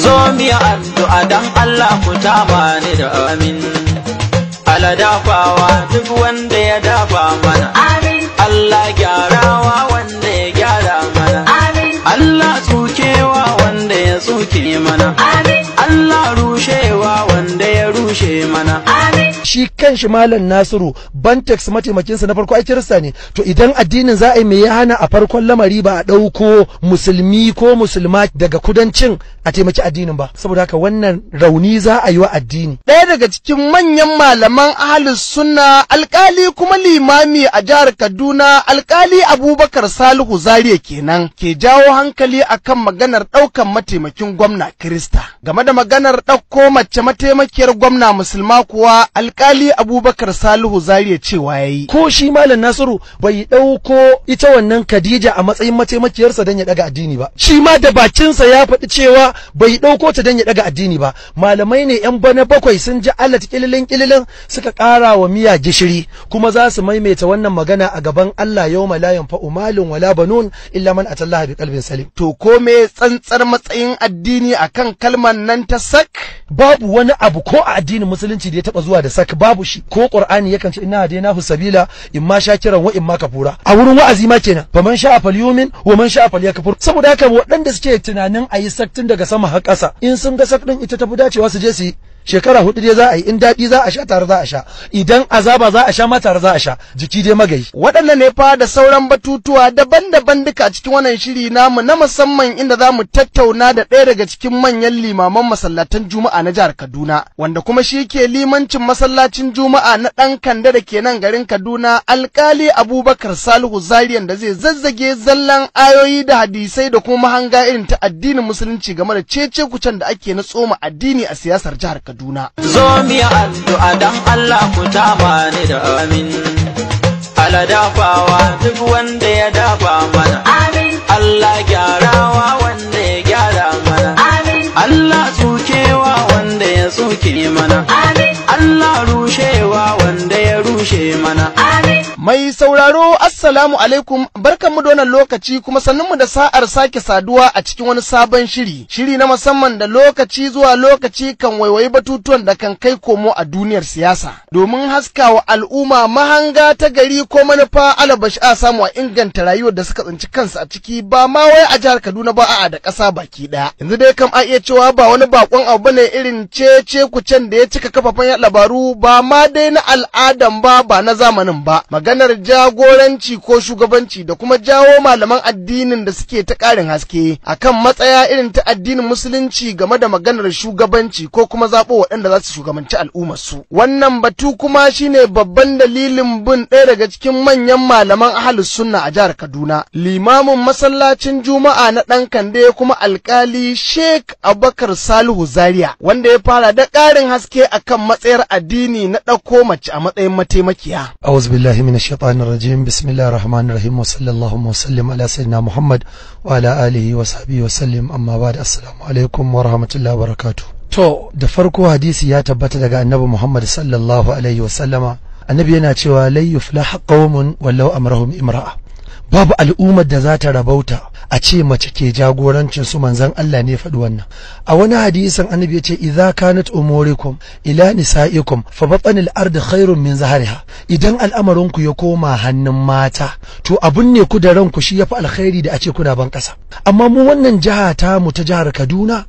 zo miya addu'a dan Allah ku taba ni da amin ala dafawa duk wanda ya dafa mana amin Allah gyarawa wanda ya gyara mana amin Allah tsukewa wanda ya tsuke mana amin Allah rushewa wanda ya rushe mana shi kan shi malam nasiru bantex mataimakinsa na farko a kirista ne to idan addinin za a yi mai hana a farkon lamari ba a ɗauko musulmi ko musulma daga kudancin a taimaki addinin ba saboda haka wannan rauni za a yi wa addini ɗaya daga cikin manyan malaman ahalus sunna alkali kuma limami a jihar kaduna alkali abubakar salihu zariya kenan ke jawo hankali akan maganar ɗaukan mataimakin gwamna kirista game da maganar ɗauko mace mataimakiyar gwamna musulma kuwa alkali abubakar salihu zariya cewa ya yi ko shi malam nasiru bai ɗauko ita wannan khadija a matsayin mataimakiyarsa don ya ɗaga addini ba shi ma da bakinsa ya faɗi cewa bai ɗauko ta don ya ɗaga addini ba malamai ne yan bana bakwai sun ji allah kililin kililin suka ƙara wa miya gishiri kuma za su maimaita wannan magana a gaban allah yau malayan fa'u malin wala banun illa man atallaha bi kalbin salim to ko me tsantsar matsayin addini akan kalmar nan Ta sak babu wani abu ko a addinin musulunci da ya taba zuwa da sak babu shi ko qur'ani yakan ce inna hu sabila in ma shakiran wa ma kafura a wurin wa'azi ma kenan man sha'a yumin wa man sha'a yakfur saboda haka waɗanda suke tunanin ayi sak tun daga sama har ƙasa in sun ga sak din ita fi dacewa su je su yi shekara hudu dai za a yi in daɗi za a sha tare za a sha idan azaba za a sha ma tare za a sha jiki dai magayi waɗannan ne fa da sauran batutuwa daban-daban duka a cikin wannan shiri namu na musamman inda za mu tattauna da ɗaya daga cikin manyan limaman masallatan juma'a na jihar kaduna wanda kuma shi ke limancin masallacin juma'a na ɗan kanda da ke nan garin kaduna alkali abubakar salihu zariyan da zai zazzage zallan ayoyi da hadisai da kuma mahanga irin ta addinin musulunci game da cece kucen da ake na tsoma addini a siyasar jihar kaduna Kaduna. Zo miya addu'a dan Allah ku taba ni da amin. Ala dafawa duk wanda ya dafa mana. Amin. Allah gyarawa wanda ya gyara mana. Amin. Allah tsukewa wanda ya tsuke mana. Amin. Allah rushewa wanda ya rushe mana. Amin. Mai sauraro Assalamu alaikum barkanmu da wannan lokaci kuma sannunmu da sa'ar sake saduwa a cikin wani sabon shiri. Shiri na musamman da lokaci zuwa lokaci kan waiwayi batutuwan da kan kai komo a duniyar siyasa. Domin haska wa al'umma mahanga ta gari ko manufa alabashi a samu a inganta rayuwar da suka tsinci kansu a ciki ba ma wai a jihar Kaduna ba a da ƙasa baki ɗaya. Yanzu dai kam a iya cewa ba wani bakon abu bane irin ce-ce cece kucen da ya cika kafafen labaru ba ma dai na al'adan ba ba na zamanin ba. maganar jagoranci ko shugabanci da kuma jawo malaman addinin da suke ta ƙarin haske akan matsaya irin ta addinin musulunci game da maganar shugabanci ko kuma zaɓo waɗanda za su shugabanci al'ummarsu. Wannan batu kuma shine babban dalilin bin ɗaya daga cikin manyan malaman ahalus sunna a jihar Kaduna. Limamin masallacin Juma'a na ɗan Kande kuma alkali Sheikh Abubakar Salihu Zaria wanda ya fara da ƙarin haske akan matsayar addini na ɗauko mace a matsayin mataimakiya. Auzu billahi الشيطان الرجيم بسم الله الرحمن الرحيم وصلى اللهم وسلم على سيدنا محمد وعلى وصحبه وسلم بعد السلام عليكم الله وبركاته to da farko hadisi ya tabbata daga annabi Muhammad sallallahu alaihi wasallama annabi yana cewa la yuflah wallau amrahum imra'a babu al'ummar da za ta rabauta a ce mace ke jagorancin su manzan Allah ne faɗi wannan a wani hadisin annabi ya ce idza kanat umurikum ila nisaikum fa batanil ard khairun min zahariha idan al'amarin ku ya koma hannun mata to abun ne ku da ranku shi yafi alkhairi da a ce kuna ban ƙasa. amma mu wannan jiha ta mu ta jihar Kaduna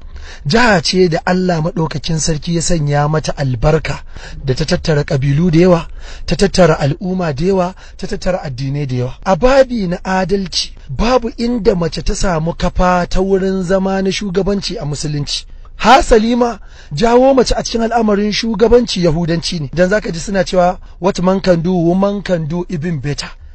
jiha ce da Allah maɗaukakin sarki ya sanya mata albarka da ta tattara ƙabilu da yawa ta tattara al'umma da yawa ta tattara addinai da yawa a babi na adalci babu inda mace ta samu kafa ta wurin zama na shugabanci a musulunci Ha Salima, jawo mace a cikin al'amarin shugabanci yahudanci ne dan zaka ji suna cewa what man can do woman can do even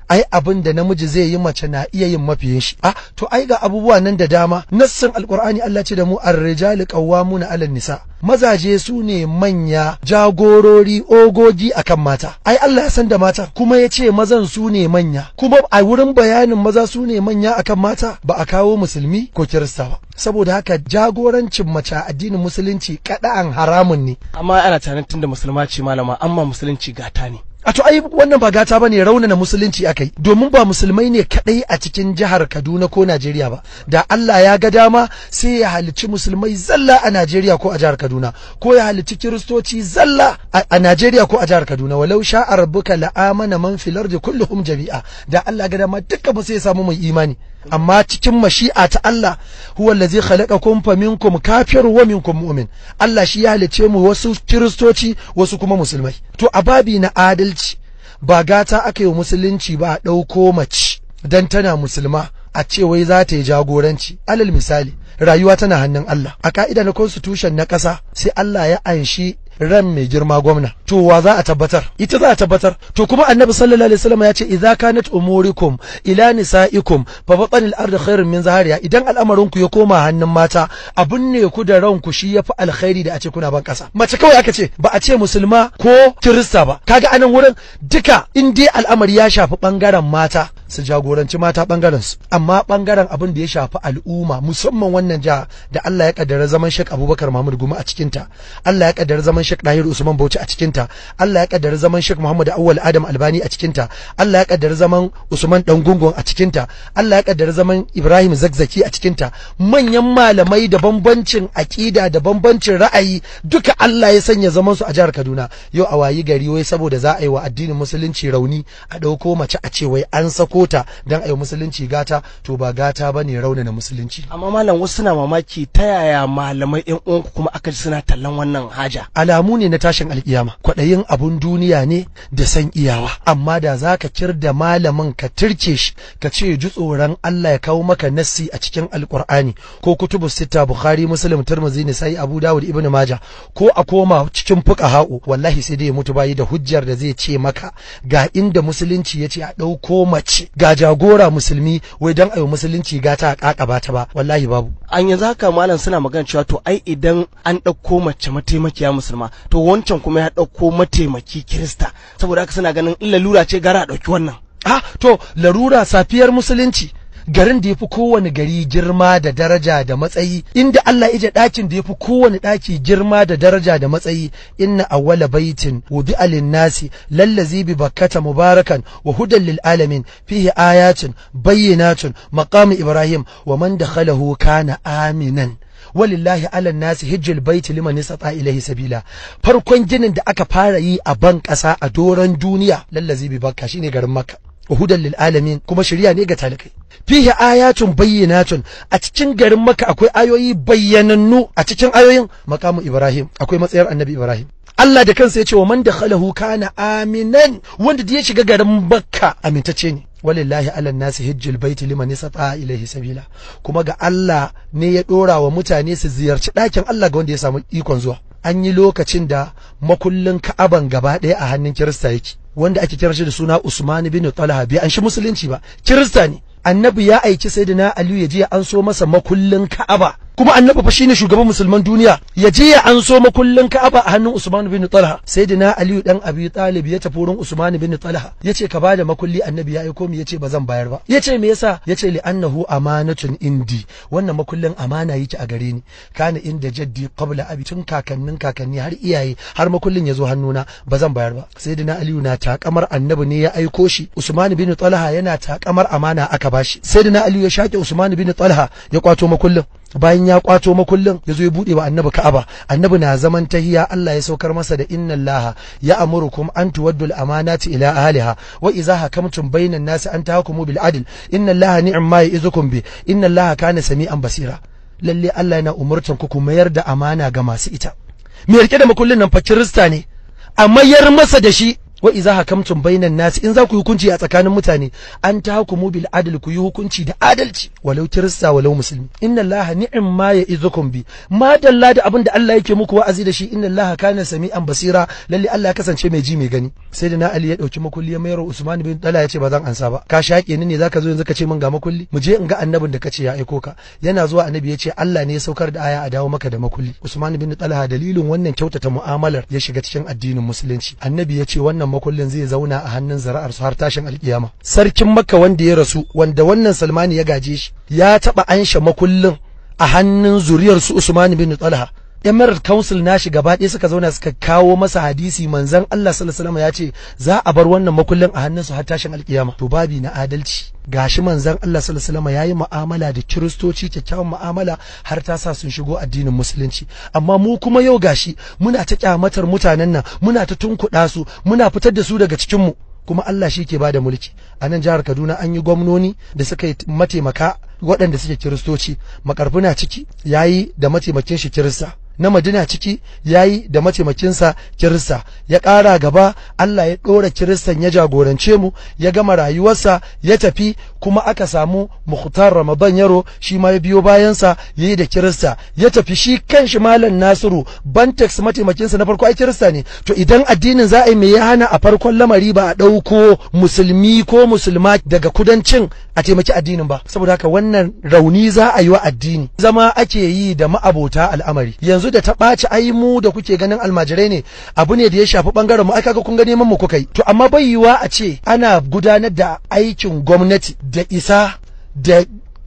ai abin da namiji zai yi mace na iya yin mafiyin shi a ah, to ai ga abubuwa nan da dama nassin alkur'ani Allah ce da mu ar-rijalu qawwamuna 'alan nisa mazaje su ne manya jagorori ogogi akan mata ai Allah ya san da mata kuma ya ce mazan su ne manya kuma a wurin bayanin maza su ne manya akan mata ba a kawo musulmi ko kirista ba saboda haka jagorancin mace a addinin musulunci kada'an haramun ne amma ana tana tunda musulma ce malama amma musulunci gata ne a to ai wannan ba gata bane raunana musulunci akai domin ba musulmai ne kadai a cikin jihar Kaduna ko Najeriya ba da Allah ya ga dama sai ya halicci musulmai zalla a Najeriya ko a jihar Kaduna ko ya halicci kiristoci zalla a Najeriya ko a jihar Kaduna walau sha'a rabbuka la'amana man fil ardi kulluhum jami'a da Allah ga dama dukkan sai ya samu mai imani amma cikin mashi'a ta Allah huwa allazi khalaqakum faminkum kafir wa minkum mu'min Allah shi ya halice mu wasu kiristoci wasu kuma musulmai to a babi na adalci ba gata aka yi musulunci ba a ɗauko mace dan tana musulma a ce wai za ta yi jagoranci alal misali rayuwa tana hannun Allah a ka'ida na constitution na ƙasa sai Allah ya anshi ran mai girma gwamna to wa za a tabbatar ita za a tabbatar to kuma annabi sallallahu alaihi wasallam ya ce idza kanat umurikum ila nisaikum fa fatanil ard khairun min zahariya idan al'amarin ku ya koma hannun mata abun ne ku da ranku shi yafi alkhairi da a ce kuna ban kasa mace kawai aka ce ba a ce musulma ko kirista ba kaga anan wurin duka in dai al'amari ya shafi bangaren mata su jagoranci mata bangaren su amma bangaren abin da ya shafi al'umma musamman wannan jiha da Allah ya kaddara zaman Sheikh Abubakar Mahmud Guma a cikin ta Allah ya kaddara zaman Sheikh Dahir Usman Bauchi a cikin ta Allah ya kaddara zaman Sheikh Muhammad Awwal Adam Albani a cikin ta Allah ya kaddara zaman Usman Dangungun a cikin ta Allah ya kaddara zaman Ibrahim Zakzaki a cikin ta manyan malamai da bambancin akida da bambancin ra'ayi duka Allah ya sanya zaman su a jihar Kaduna yau a wayi gari wai saboda za a yi wa addinin musulunci rauni a ɗauko mace a ce wai an sako kota ta don a musulunci gata to ba gata ba ne na musulunci amma malam wasu na mamaki ta yaya malamai yan uwanku kuma aka ji suna tallan wannan haja alamu ne na tashin alkiyama kwaɗayin abun duniya ne da san iyawa amma da za ka cir da malamin ka shi ka ce ji tsoron Allah ya kawo maka nassi a cikin alkur'ani ko kutubu sita bukhari muslim turmuzi ne sai abu dawud ibnu maja ko a koma cikin fuqaha'u wallahi sai dai ya mutu bayi da hujjar da zai ce maka ga inda musulunci ya ce a ɗauko mace ga jagora musulmi wai dan ayo musulunci gata a kakaba ta ba wallahi babu an yanzu haka malam suna magana cewa to ai idan an ɗauko mace mataimakiya musulma to wancan kuma ya ɗauko mataimaki kirista saboda haka suna ganin in lalura ce gara a ɗauki wannan ah to larura safiyar musulunci garin da ya fi kowane gari girma da daraja da matsayi inda Allah ije ɗakin da ya fi kowane ɗaki girma da daraja da matsayi inna awwala baitin wubi alin nasi lallazi bi bakkata mubarakan wa hudan lil alamin fihi ayatun bayyinatun maqami ibrahim wa man dakhalahu kana aminan walillahi ala nasi hijjil baiti liman istata ilahi sabila farkon ginin da aka fara yi a ban kasa a doron duniya lallazi bi bakka shine garin makka wa hudan lil kuma shirya ne ga talikai fihi ayatun tun a cikin garin maka akwai ayoyi bayyanannu a cikin ayoyin maqamu ibrahim akwai matsayar annabi ibrahim Allah da kansa ya ce wa man da khalahu kana aminan wanda da ya shiga garin makka amintacce ne walillahi ala nasi hijjil baiti liman istata sabila kuma ga Allah ne ya dora wa mutane su ziyarci ɗakin Allah ga wanda ya samu ikon zuwa an yi lokacin da makullin ka'aban gaba ɗaya a hannun kirista yake wanda ake kiran shi da suna Usman bin Talha bai an shi musulunci ba kirista ne annabi ya aiki sayyidina Aliyu ya je an so masa makullin ka'aba kuma annabi fa shine shugaban musulman duniya ya je ya anso makullin Ka'aba a hannun Usman bin Talha sayyidina Aliyu dan Abi Talib ya tafi wurin Usman bin Talha yace ka bada makulli annabi ya aiko mu yace ba zan bayar ba yace me yasa yace li annahu amanatun indi wannan makullin amana yake a gare ni kana inda jaddi qabla abi tun kakannin kakanni har iyaye har makullin ya zo hannuna ba zan bayar ba sayyidina Aliyu na takamar annabi ne ya aiko shi Usman bin Talha yana takamar amana aka bashi sayyidina Aliyu ya shake Usman bin Talha ya kwato makullin bayan ya kwato makullin ya zo ya buɗe wa annabi ka'aba annabi na zaman tahiya Allah ya saukar masa da inna allaha ya amurukum an tuwaddul amanati ila ahliha wa idza hakamtum bainan nasi an tahkumu bil adl inna allaha ni'ma ya'izukum bi inna allaha kana sami'an basira lalle Allah yana umurtan ku ku mayar da amana ga masu ita me rike da makullin nan fa kirista ne a mayar masa da shi wa iza hakamtum bainan nasi in za ku yi hukunci a tsakanin mutane an ta tahkumu bil adl ku yi hukunci da adalci walau kirista walau musulmi inna allaha ya ya'izukum bi ma dalla da abin da Allah yake muku wa'azi da shi inna allaha kana sami'an basira lalle Allah kasance mai ji mai gani sai da na Ali ya dauki makulli ya mayar Usman bin dala ya ce ba zan ansa ba ka shaƙe ni ne zaka zo yanzu ka ce min ga makulli mu je in ga annabin da kace ya aiko ka yana zuwa annabi ya ce Allah ne ya saukar da aya a dawo maka da makulli Usman bin dala dalilin wannan kyautata mu'amalar ya shiga cikin addinin musulunci annabi ya ce wannan makullin zai zauna a hannun zara'ar su har tashin alkiyama sarkin makka wanda ya rasu wanda wannan salmani ya gaje shi ya taba ansha makullin a hannun zuriyar su usman bin talha emirate council nashi gaba ɗaya suka zauna suka kawo masa hadisi manzan Allah sallallahu alaihi ya ce za a bar wannan makullin a hannunsu har tashin alkiyama to babi na adalci gashi manzan Allah sallallahu alaihi wasallam yayi mu'amala da kiristoci kyakkyawan mu'amala har ta sa sun shigo addinin musulunci amma mu kuma yau gashi muna ta kyamatar mutanen nan muna ta tunkuɗa su muna fitar da su daga cikin mu kuma Allah shi ke bada mulki a nan jihar Kaduna an yi gwamnoni da suka yi mataimaka waɗanda suke kiristoci makarfuna na ciki yayi da mataimakin shi kirista na madina ciki ya yi da mataimakinsa kirista ya ƙara gaba Allah ya ɗora kiristan ya jagorance mu ya gama rayuwarsa ya tafi kuma aka samu mukhtar ramadan yaro shi ma ya biyo bayansa ya yi da kirista ya tafi shi kanshi malam nasiru bantex mataimakinsa na farko ai kirista ne to idan addinin za a yi me ya hana a farkon lamari ba a ɗauko musulmi ko musulma daga kudancin a taimaki addinin ba saboda haka wannan rauni za a yi wa addini zama ake yi da ma'abota al'amari yanzu yanzu da ta ɓaci ai mu da kuke ganin almajirai ne abu ne da ya shafi ɓangaren mu ai kaga kun ga neman mu kuka yi to amma bai yiwa a ce ana gudanar da aikin gwamnati da isa da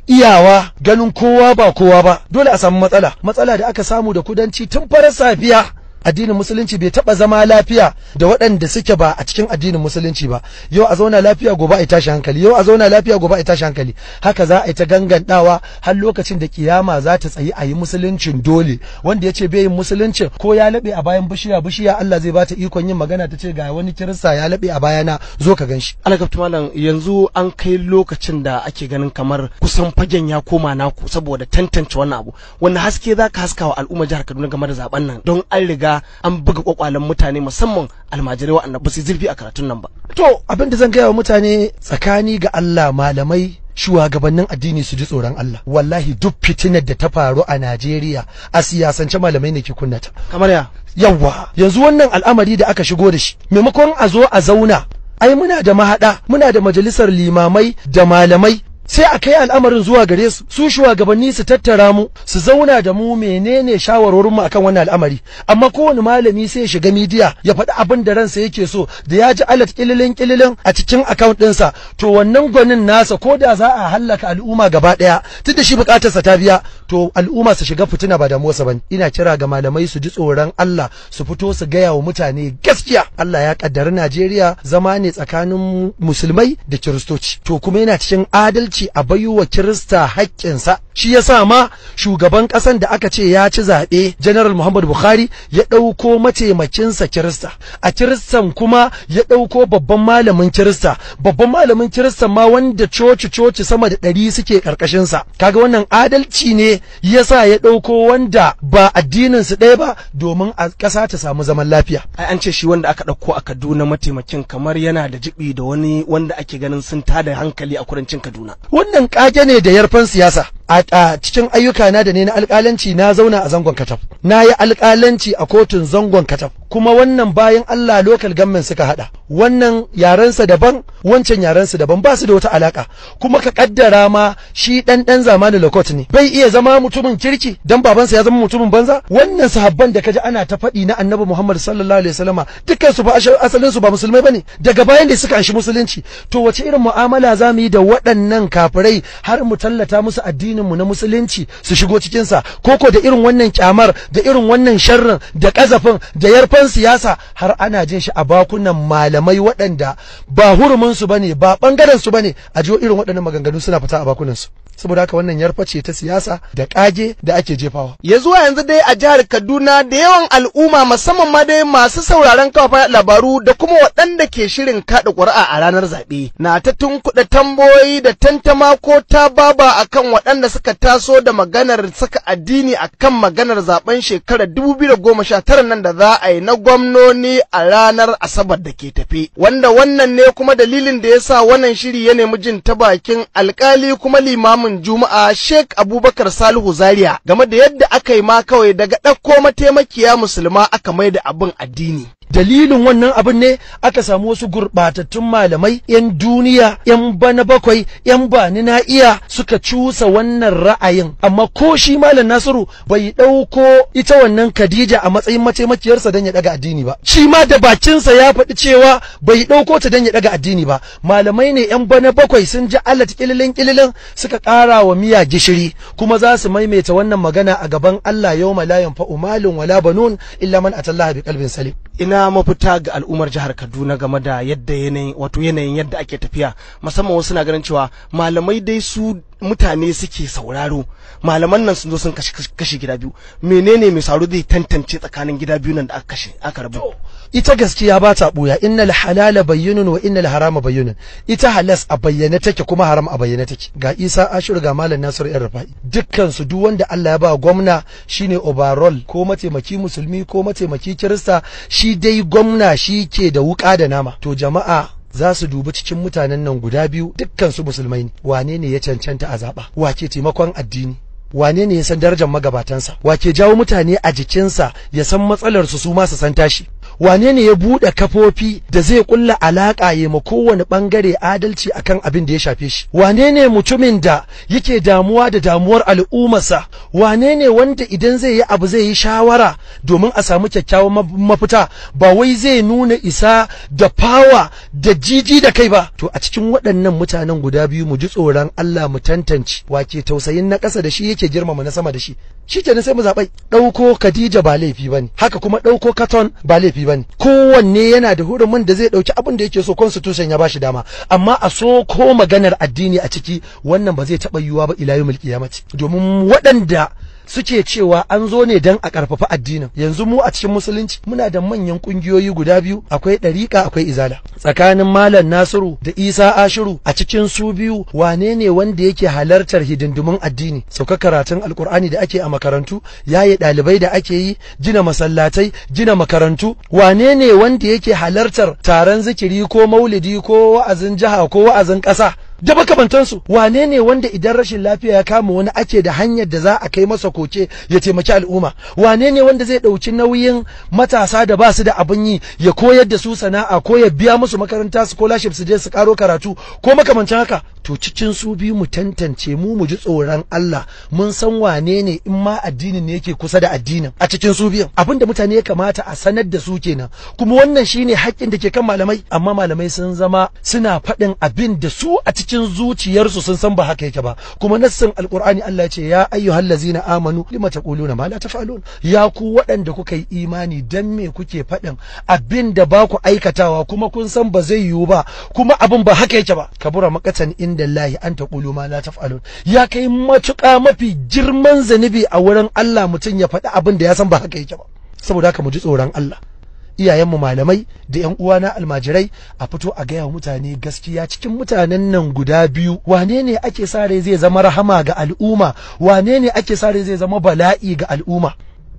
iyawa ganin kowa ba kowa ba dole a samu matsala matsala da aka samu da kudanci tun fara safiya addinin musulunci bai taba zama lafiya da waɗanda suke ba a cikin addinin musulunci ba yau a zauna lafiya gobe a tashi hankali yau a zauna lafiya gobe a tashi hankali haka za a yi ta gangandawa har lokacin da kiyama za ta tsayi a yi musuluncin dole wanda ya ce bai yin musuluncin ko ya laɓe a bayan bishiya bishiya Allah zai bata ikon yin magana ta ce ga wani kirista ya laɓe a na zo ka gan shi alagabtu malam yanzu an kai lokacin da ake ganin kamar kusan fagen ya koma naku saboda tantance wannan abu wanda haske zaka ka haskawa al'umma jihar Kaduna game da zaben nan don an riga ga an buga kwakwalen mutane musamman almajirai waɗanda ba su zurfi a karatun nan ba to abin da zan gaya wa mutane tsakani ga Allah malamai shugabannin addini su ji tsoron Allah wallahi duk fitinar da ta faru a Najeriya a siyasance malamai ne ke kunnata kamar ya yawa yanzu wannan al'amari da aka shigo da shi maimakon a zo a zauna ai muna da mahaɗa. muna da majalisar limamai da malamai sai a kai al'amarin zuwa gare su su shugabanni su tattara mu su zauna da mu menene shawarorin mu akan wannan al'amari amma kowane malami sai ya shiga midiya ya faɗi abin da ransa yake so da ya ji alat kililin kililin a cikin account ɗinsa to wannan gwanin nasa ko da za a hallaka al'umma gaba ɗaya tun da shi sa ta biya to al'umma su shiga fitina ba damuwarsa ba ina kira ga malamai su ji tsoron Allah su fito su gaya wa mutane gaskiya Allah ya kaddari Najeriya zama ne tsakanin musulmai da kiristoci to kuma yana cikin adalci a bayuwa kirista haƙƙinsa shi ya sa ma shugaban ƙasan da aka ce ya ci zaɓe general muhammad buhari ya ɗauko mataimakinsa kirista a kiristan kuma ya ɗauko babban malamin kirista babban malamin kirista ma wanda coci coci sama da ɗari suke ƙarƙashinsa kaga wannan adalci ne ya sa ya ɗauko wanda ba addinin su ɗaya ba domin a ƙasa ta samu zaman lafiya ai an ce shi wanda aka ɗauko a kaduna mataimakin kamar yana da jibi da wani wanda ake ganin sun tada hankali a kudancin kaduna wannan ƙage ne da yarfan siyasa a cikin ayyuka na da ne na alƙalanci na zauna a zangon kataf na yi alƙalanci a kotun zangon kataf kuma wannan bayan Allah lokal gammen suka hada wannan yarensa daban wancan yarensa daban ba su da wata alaka kuma ka kaddara ma shi dan dan zamanin lokot ne bai iya zama mutumin kirki dan babansa ya zama mutumin banza wannan sahabban da kaji ana ta faɗi na annabi Muhammad sallallahu alaihi wasallama dukkan su ba asalin su ba musulmai bane daga bayan da suka anshi musulunci to wace irin mu'amala zamu yi da waɗannan kafirai har mu tallata musu addini addininmu na musulunci su shigo cikinsa koko da irin wannan kyamar da irin wannan sharrin da kazafin da yarfan siyasa har ana jin shi a bakunan malamai waɗanda ba huruminsu ba ne ba ɓangarensu ba ne a jiwo irin waɗannan maganganu suna fita a bakunansu saboda haka wannan yarfa ce ta siyasa da kage da ake jefawa ya zuwa yanzu dai a jihar kaduna da yawan al'umma musamman ma dai masu sauraron kafa labaru da kuma waɗanda ke shirin kaɗa ƙuri'a a ranar zaɓe na ta tunkuɗa tamboyi da tantama ko ta baba akan waɗanda suka taso da maganar saka addini akan maganar zaben shekarar tara nan da za a yi na gwamnoni a ranar asabar da ke tafe wanda wannan ne kuma dalilin da ya sa wannan shiri ya nemi jin ta bakin alkali kuma limamin limamin Juma'a Sheikh Abubakar Salihu Zaria game da yadda aka yi ma kawai daga ɗakko mataimakiya musulma aka mai da abin addini. dalilin wannan abin ne aka samu wasu gurɓatattun malamai 'yan duniya 'yan bana bakwai 'yan bani na iya suka cusa wannan ra'ayin amma ko shi malam nasiru bai ɗauko ita wannan khadija a matsayin mataimakiyarsa don ya ɗaga addini ba shi ma da bakinsa ya faɗi cewa bai ɗauko ta don ya ɗaga addini ba malamai ne 'yan bana bakwai sun ji alat ƙililin ƙililin suka ƙara wa miya gishiri kuma za su maimaita wannan magana a gaban Allah yau malayan fa'u malin wala banun illa man atallaha bi kalbin salim ina mafita ga al'ummar jihar Kaduna game da yadda yanayin wato yanayin yadda ake tafiya musamman wasu na ganin cewa malamai dai su mutane suke sauraro malaman nan sun zo sun kashe gida biyu menene mai saro zai tantance tsakanin gida biyu nan da aka kashe aka rabu ita gaskiya ba ta buya innal halala bayyinun wa innal harama bayyinun ita halas a bayyane take kuma haram a bayyane take ga Isa Ashur ga Malam Nasir ɗan Rafa'i dukkan su duk wanda Allah ya ba gwamna shine overall ko mataimaki musulmi ko mataimaki kirista shi dai gwamna shi ke da wuka da nama to jama'a za su dubi cikin mutanen nan guda biyu dukkan su musulmai ne wane ne ya cancanta a zaɓa wake taimakon addini wane ne ya san darajar magabatansa wake jawo mutane a jikinsa ya san matsalarsu su ma su san tashi wane ne ya buɗe kafofi da zai ƙulla alaƙa ya ma kowane ɓangare adalci akan abin da ya shafe shi wane ne mutumin da yake damuwa da damuwar al'ummarsa wane ne wanda idan zai yi abu zai yi shawara domin a samu kyakkyawan mafita ba wai zai nuna isa da fawa da jiji da kai ba to a cikin waɗannan mutanen guda biyu mu ji tsoron Allah mu tantance wake tausayin na ƙasa da shi yake girmama na sama da shi shi ne sai mu zaɓai ɗauko Khadija ba laifi ba ne haka kuma ɗauko Katon ba laifi ba ne kowanne yana da hurumin da zai ɗauki abin da yake so constitution ya bashi dama amma a so ko maganar addini a ciki wannan ba zai taɓa yiwuwa ba ila ya mace domin waɗanda suke cewa an zo ne don a ƙarfafa addinin yanzu mu a cikin musulunci muna da manyan ƙungiyoyi guda biyu akwai ɗariƙa akwai izala tsakanin malam nasiru da isa ashiru a cikin su biyu wane ne wanda yake halartar hidindimun addini sauka karatun alkur'ani da ake a makarantu yaye ɗalibai da ake yi gina masallatai gina makarantu wane ne wanda yake halartar taron zikiri ko maulidi ko wa'azin jiha ko wa'azin ƙasa da makamantansu wane ne wanda idan rashin lafiya ya kama wani ake da hanyar da za a kai masa koke ya taimaki al'umma wane ne wanda zai ɗauki nauyin matasa da ba su da abin yi ya koyar da su sana'a ko ya biya musu makaranta scholarship su je su karo karatu ko makamancin haka to cikin su biyu mu tantance mu mu ji tsoron Allah mun san wane ne in ma addinin ne yake kusa da addinin a cikin su biyan abinda mutane ya kamata a sanar da su kenan kuma wannan shine haƙƙin da ke kan malamai amma malamai sun zama suna faɗin abin da su a cikin zuciyarsu sun san ba haka yake ba kuma nassin alqur'ani Allah ya ce ya na amanu lima taquluna ma la taf'alun ya ku waɗanda kuka yi imani dan me kuke faɗin abin da ba ku aikatawa kuma kun san ba zai yiwu ba kuma abin ba haka yake ba kabura makatan inda inda Allah an ƙulu ma la taf'alun ya kai matuƙa mafi girman zanibi a wurin Allah mutum ya faɗi abin da ya san ba haka yake ba saboda haka mu ji tsoron Allah iyayenmu malamai da ƴan uwa na almajirai a fito a gaya mutane gaskiya cikin mutanen nan guda biyu wane ne ake sa rai zai zama rahama ga al'umma wane ne ake sa rai zai zama bala'i ga al'umma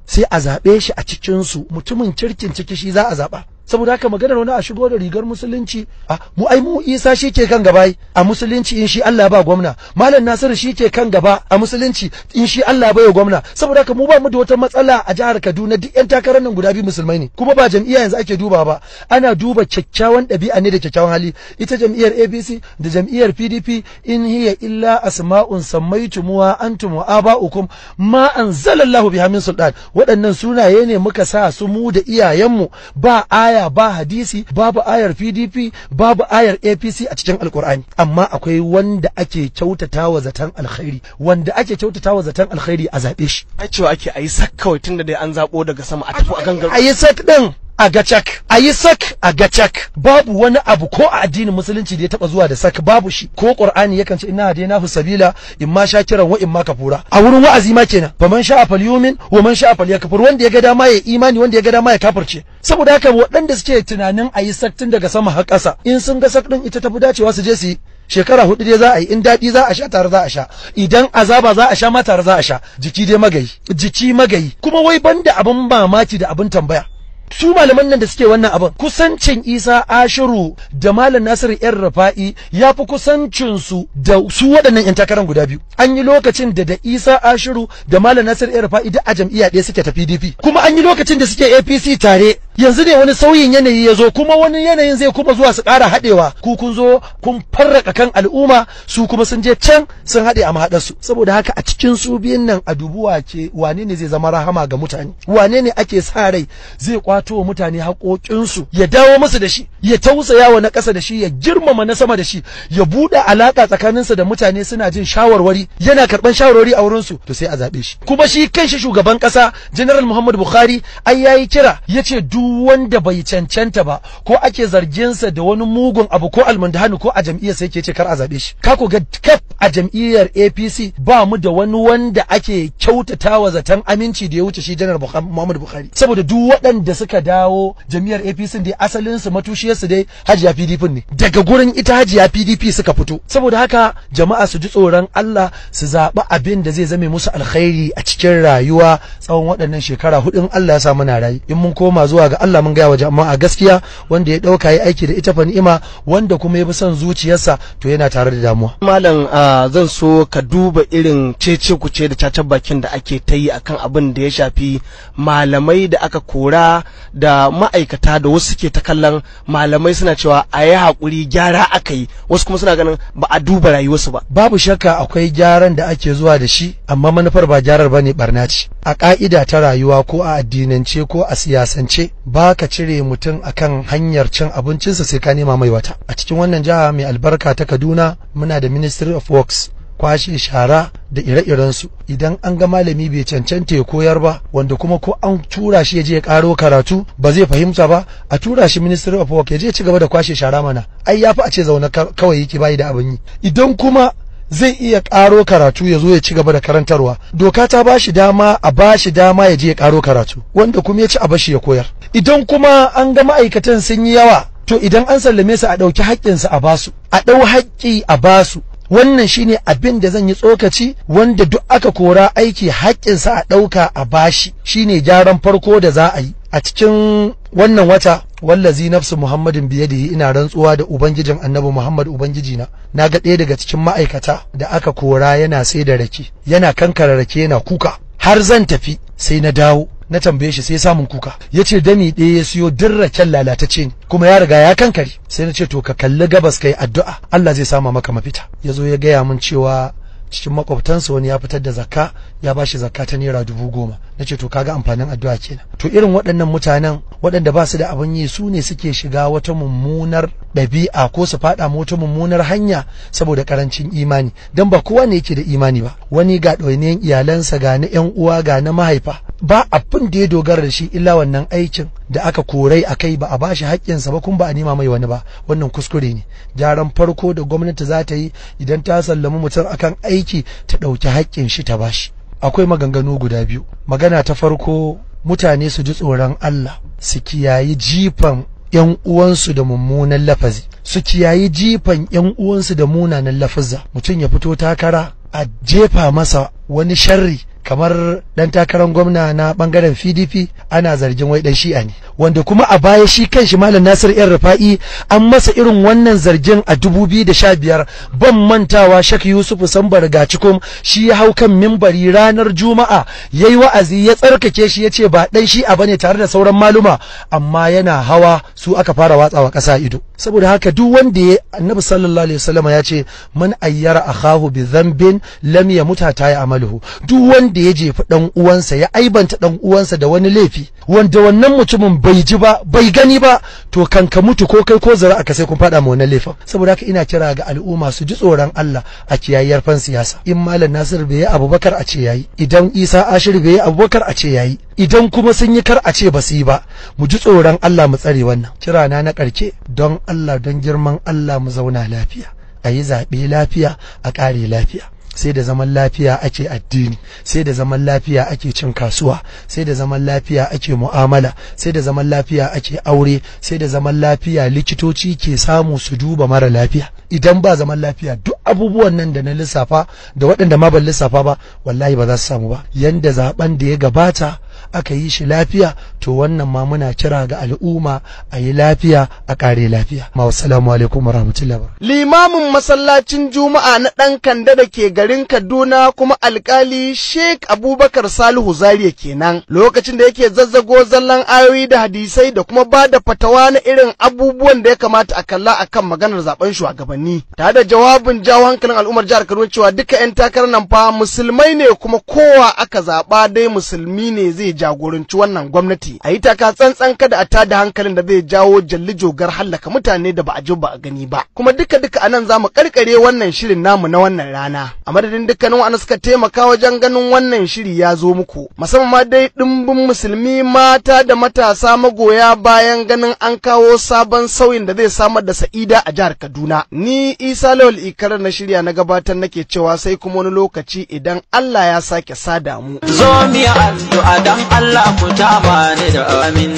sai a zaɓe shi a cikinsu mutumin kirkin ciki shi za a zaɓa saboda haka maganar wani a shigo da rigar musulunci a mu ai mu isa shi ke kan gaba a musulunci in shi Allah ba gwamna malam nasiru shi ke kan gaba a musulunci in shi Allah ba ya gwamna saboda haka mu ba mu da wata matsala a jihar Kaduna duk yan takarar nan guda biyu musulmai ne kuma ba jam'iyya yanzu ake duba ba ana duba kyakkyawan ɗabi'a ne da kyakkyawan hali ita jam'iyyar APC da jam'iyyar PDP in hiya illa asma'un sammai sammaitumuha antum wa aba'ukum ma anzalallahu biha min sultan waɗannan sunaye ne muka sa su mu da iyayenmu ba aya aya ba hadisi babu ayar PDP babu ayar APC a cikin Alkur'ani amma akwai wanda ake kyautata wa zaton alkhairi wanda ake kyautata wa zaton alkhairi a zabe shi a cewa ake ayi sakkawai tunda dai an zabo daga sama a tafi a gangar ayi sak din a gacak a yi sak a gacak babu wani abu ko a addinin musulunci da ya taba zuwa da sak babu shi ko qur'ani yakan ce inna hadaina hu sabila imma shakiran wa imma kafura a wurin wa'azi ma kenan faman sha'a yumin wa man sha'a yakfur wanda ya ga dama ya imani wanda ya ga dama ya ce saboda haka waɗanda suke tunanin a yi sak tun daga sama har ƙasa in sun ga sak din ita tafi dacewa su je su yi shekara hudu dai za a yi in daɗi za a sha tare za a sha idan azaba za a sha ma tare za a sha jiki dai magayi jiki magayi kuma wai banda abin mamaki da abin tambaya su malaman nan da suke wannan abin kusancin isa ashiru da malam nasiru yan rafa'i ya fi kusancinsu da su waɗannan yan takarar guda biyu an yi lokacin da da isa ashiru da malam nasiru yan rafa'i da a jam'iyya ɗaya suke ta pdp kuma an yi lokacin da suke apc tare yanzu ne wani sauyin yanayi ya zo kuma wani yanayin zai kuma zuwa su ƙara haɗewa ku kun zo kun farraka kan al'umma su kuma sun je can sun haɗe a mahaɗarsu saboda haka a cikin su biyun nan a dubuwa ce wane ne zai zama rahama ga mutane wane ne ake sa rai zai kwato wa mutane haƙoƙinsu ya dawo musu da shi ya tausaya wa na ƙasa da shi ya girmama na sama da shi ya buɗe alaƙa tsakaninsa da mutane suna jin shawarwari yana karɓan shawarwari a wurinsu to sai a zaɓe shi kuma shi kanshi shugaban ƙasa general muhammad bukhari ai yayi kira ya ce duk wanda bai cancanta ba ko ake zarginsa da wani mugun abu ko almundahani ko a jam'iyyar sai ke ce kar a zaɓe shi ka ko ga kaf a jam'iyyar APC ba mu da wani wanda ake kyautata wa zaton aminci da ya wuce shi janar Muhammad Buhari saboda duk waɗanda suka dawo jam'iyyar APC dai asalin su matushiyar su dai Hajiya PDP ne daga gurin ita Hajiya PDP suka fito saboda haka jama'a su ji tsoron Allah su zaɓi abin da zai zame musu alkhairi a cikin rayuwa tsawon waɗannan shekara hudu in Allah ya sa muna rayu in mun koma zuwa ga Allah mun gaya wa jama'a gaskiya wanda ya ɗauka ya aiki da ita fa ni'ima wanda kuma ya fi son zuciyarsa to yana tare da damuwa malam ah, zan so ka duba irin cece kuce da cacen bakin da ake ta yi akan abin da ya shafi malamai da aka kora da ma'aikata da wasu ke ta kallon malamai suna cewa a yi haƙuri gyara aka yi wasu kuma suna ganin ba a duba rayuwarsu ba babu shakka akwai gyaran da ake zuwa da shi amma manufar ba gyarar ba ne barnaci. a ƙa'ida ta rayuwa ko a addinance ko a siyasance ba ka cire mutum a kan hanyar cin abincinsa sai ka nema mai wata a cikin wannan jiha mai albarka ta kaduna muna da ministry of works kwashe shara da ire-irensu idan an ga malami bai cancanta ya koyar ba wanda kuma ko an tura shi ya je ya karo karatu ba zai fahimta ba a tura shi ministry of work ya je ci gaba da kwashe shara mana ai ya fi a ce zaune kawai yake bayi da abin yi idan kuma zai iya ƙaro karatu ya zo ya ci gaba da karantarwa doka ta ba shi dama a ba shi dama ya je ya ƙaro karatu wanda kuma ya ci a bashi ya koyar idan kuma an ga ma'aikatan sun yi yawa to idan an sallame su a ɗauki haƙƙinsu a basu a ɗau haƙƙi a basu wannan shine abin da zan yi tsokaci wanda duk aka kora aiki haƙƙinsa a ɗauka a bashi shine gyaran farko da za a yi a cikin wannan wata wallazi nafsu muhammadin biyadihi ina rantsuwa da ubangijin annabi muhammad ubangiji na na ga ɗaya daga cikin ma'aikata da aka kora yana sai da rake yana kankara rake yana kuka har zan tafi sai na dawo na tambaye shi sai samun kuka ya ce dami ɗaya ya siyo din raken lalatacce ne kuma ya riga ya kankari sai na ce to ka kalli gabas kai addu'a Allah zai sama maka mafita ya zo ya gaya min cewa cikin makwabtansa wani ya fitar da zakka ya bashi zakka ta naira dubu goma na ce to kaga amfanin addu'a kenan to irin waɗannan mutanen waɗanda ba su da abin yi su ne suke shiga wata mummunar ɗabi'a ko su faɗa wata mummunar hanya saboda karancin imani don ba kowa ne yake da imani ba wani ga ɗoyiniyan iyalansa ga na 'yan uwa ga na mahaifa ba abin da ya dogara da shi illa wannan aikin da aka korai a kai ba a bashi haƙƙinsa ba kun ba a nema mai wani ba wannan kuskure ne gyaran farko da gwamnati za ta yi idan ta sallami mutum akan aiki ta ɗauki haƙƙin shi ta bashi akwai maganganu guda biyu magana ta farko mutane su ji tsoron Allah su kiyayi jifan yan uwansu da mummunan lafazi su kiyayi jifan yan uwansu da munanan lafazza mutum ya fito takara a jefa masa wani sharri kamar dan takarar gwamna na bangaren pdp ana zargin wai dan shi'a ne wanda kuma a baya shi kan shi malam nasir yan rufa'i an masa irin wannan zargin a 2015 ban mantawa shak yusuf sambar gacikum shi ya hau kan mimbari ranar juma'a yayi wa'azi ya tsarkake shi ya ce ba dan shi'a bane tare da sauran maluma amma yana hawa su aka fara watsawa ƙasa ido saboda haka duk wanda ya annabi sallallahu alaihi wasallam ya ce man ayyara akahu bi dhanbin lam yamuta ta'i amaluhu duk wanda ya jefi dan uwansa ya aibanta dan uwansa da wani laifi wanda wannan mutumin bai ji ba bai gani ba to kan ka mutu ko kai ko zara aka sai kun faɗa ma wannan laifin saboda haka ina kira ga al'umma su ji tsoron Allah a kiyayyar fan siyasa in malam Nasir bai yi Abubakar a ce yayi idan Isa Ashir bai yi Abubakar a ce yayi idan kuma sun yi kar a ce ba su yi ba mu ji tsoron Allah mu tsare wannan kira na na karke don Allah don girman Allah mu zauna lafiya a yi zaɓe lafiya a ƙare lafiya sai da zaman lafiya ake addini sai da zaman lafiya ake cin kasuwa sai da zaman lafiya ake mu'amala sai da zaman lafiya ake aure sai da zaman lafiya likitoci ke samu su duba mara lafiya idan ba zaman lafiya duk abubuwan nan da na lissafa da waɗanda ma ban lissafa ba wallahi ba za su samu ba yanda zaben da ya gabata aka yi shi lafiya to wannan ma muna kira ga al'umma a yi lafiya a kare lafiya assalamu alaikum rahmatullahi limamin masallacin juma'a na dan kanda da ke garin kaduna kuma alkali sheik abubakar salihu zariya kenan lokacin da yake zazzago zallan ayoyi da hadisai da kuma ba da fatawa na irin abubuwan da ya kamata a kalla a kan maganar zaben shugabanni tare da jawabin jawo hankalin al'ummar jihar kaduna cewa duka 'yan takarar nan fa musulmai ne kuma kowa aka zaba dai musulmi ne zai jagoranci wannan gwamnati a yi taka tsantsan kada a tada hankalin da zai jawo jalli jogar hallaka mutane da ba a ji ba a gani ba kuma duka duka a anan zamu karkare wannan shirin namu na wannan rana a madadin dukkanin wanda suka taimaka wajen ganin wannan shiri ya zo muku musamman ma dai dimbin musulmi mata da matasa magoya bayan ganin an kawo sabon sauyin da zai samar da sa'ida a jihar Kaduna ni Isa Lawal Ikar na shirya na gabatar nake cewa sai kuma wani lokaci idan Allah ya sake sada mu zo mi addu'a dan Allah ku ta ni da amin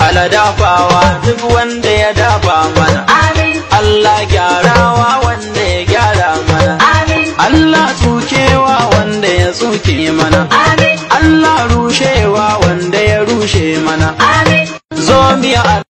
ala dafawa duk wanda ya dafa mana amin Allah gyarawa wanda ya gyara mana amin Allah tsukewa wanda ya tsuke mana amin Allah rushewa wanda ya rushe mana amin zo biya